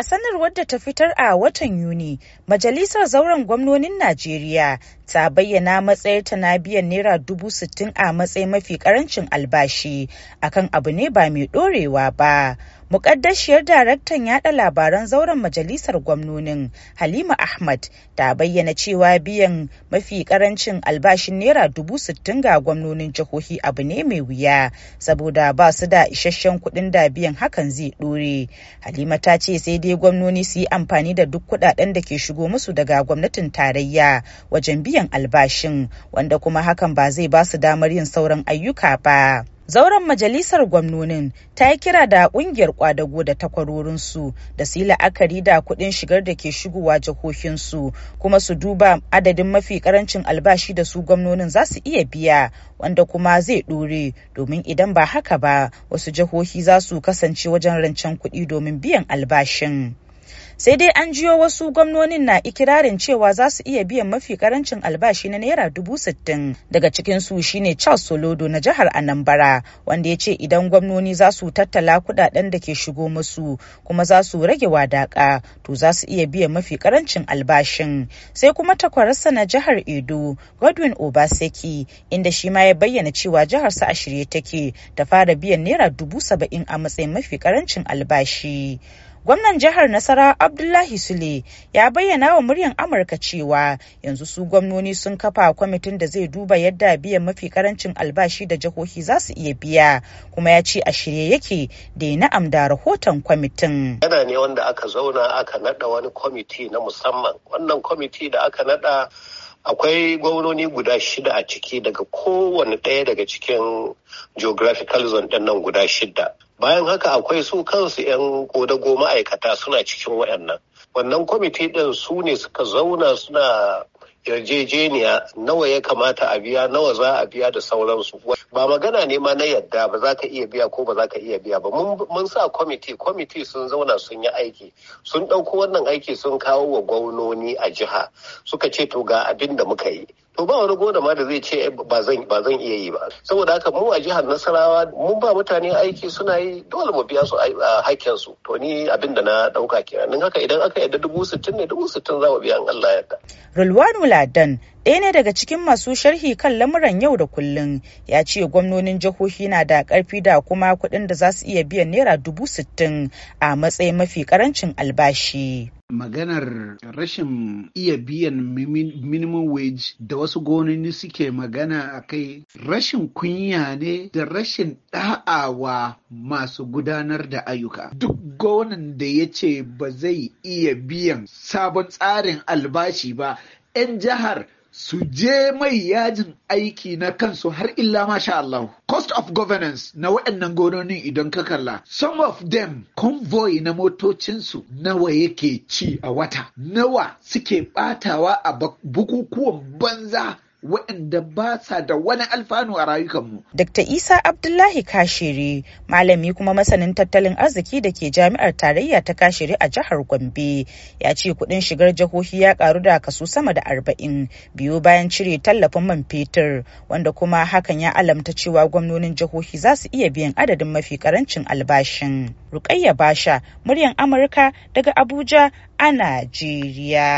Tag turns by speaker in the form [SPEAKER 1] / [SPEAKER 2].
[SPEAKER 1] A sanarwar da ta fitar a watan Yuni, Majalisar Zauren Gwamnonin Najeriya ta bayyana matsayarta na biyan naira dubu sittin a matsayin mafi karancin albashi akan abu ne ba mai dorewa ba mukaddashiyar daraktan yada labaran zauren majalisar gwamnonin halima ahmad ta bayyana cewa biyan mafi karancin albashin naira dubu sittin ga gwamnonin jihohi abu ne mai wuya saboda ba su da isasshen kuɗin da biyan hakan zai ɗore halima ta ce sai dai gwamnoni su yi amfani da duk kuɗaɗen da ke shigo musu daga gwamnatin tarayya wajen biyan biyan albashin wanda kuma hakan ba zai ba su damar yin sauran ayyuka ba. zauren majalisar gwamnonin ta yi kira da kungiyar kwadago da takwarorinsu da su yi la'akari da kuɗin shigar da ke shigowa jihohinsu kuma su duba adadin mafi karancin albashi da su gwamnonin za su iya biya wanda kuma zai ɗore domin idan ba haka ba wasu jihohi za su kasance wajen rancen kuɗi domin biyan albashin sai dai an jiyo wasu gwamnonin na ikirarin cewa za su iya biyan mafi karancin albashi na naira dubu sittin daga cikin su shine charles solodo na jihar anambara wanda ya ce idan gwamnoni za su tattala kudaden da ke shigo musu kuma za su rage wadaka to za su iya biyan mafi karancin albashin sai kuma takwararsa na jihar edo godwin obaseki inda shi ma ya bayyana cewa jiharsa a shirye take ta fara biyan naira dubu saba'in a matsayin mafi karancin albashi Gwamnan jihar Nasara Abdullahi Sule ya bayyana wa muryar Amurka cewa yanzu su gwamnoni sun kafa kwamitin da zai duba yadda biyan mafi karancin albashi da jihohi za su iya biya kuma ya ce a shirye yake da ya na'am da rahoton kwamitin.
[SPEAKER 2] Yana ne wanda aka zauna aka nada wani kwamiti na musamman. Wannan kwamiti da aka nada akwai gwamnoni guda shida a ciki daga kowane ɗaya daga cikin geographical zone ɗin nan guda shida bayan haka akwai su kansu 'yan kodago ma'aikata suna cikin waɗannan wannan kwamiti ɗin su ne suka zauna suna yarjejeniya nawa ya kamata a biya nawa za a biya da sauransu ba magana ne ma na yadda ba za ka iya biya ko ba za ka iya biya ba mun sa kwamiti kwamiti sun zauna sun yi aiki sun ɗauko wannan aiki sun kawo wa gwamnoni a jiha suka ce to ga abin da muka yi to ba wani gona ma da zai ce eh, ba zan iya yi ba saboda haka mu a jihar nasarawa mun ba mutane aiki suna yi dole mu biya su a su to ni abin da na ɗauka kenan haka idan aka yadda dubu sittin ne dubu sittin za mu biya in Allah yarda.
[SPEAKER 1] Ladan ɗaya ne daga cikin masu sharhi kan lamuran yau da kullun ya ce gwamnonin jihohi na da ƙarfi da kuma kuɗin da za su iya biyan naira dubu sittin a matsayin mafi ƙarancin albashi.
[SPEAKER 3] maganar rashin iya biyan minimum wage da wasu gonini suke magana a kai rashin kunya ne da rashin da'awa masu gudanar da ayyuka duk gonan da ya ce ba zai iya biyan sabon tsarin albashi ba 'yan jihar su je mai yajin aiki na kansu har illa masha Allah. Cost of governance na waɗannan gononin idan ka kalla. Some of them convoy na motocinsu nawa yake ci a wata, nawa suke ɓatawa a bukukuwan
[SPEAKER 1] banza waɗanda ba sa da wani alfanu a rayukanmu. Dr. Isa Abdullahi Kashiri, malami kuma masanin tattalin arziki da ke jami'ar tarayya ta Kashiri a jihar Gombe, ya ce kuɗin shigar jihohi ya ƙaru da kaso sama da arba'in biyu bayan cire tallafin man fetur, wanda kuma hakan ya alamta cewa gwamnonin jihohi za su iya biyan adadin mafi karancin albashin. Rukayya Basha, muryan Amurka daga Abuja a Najeriya.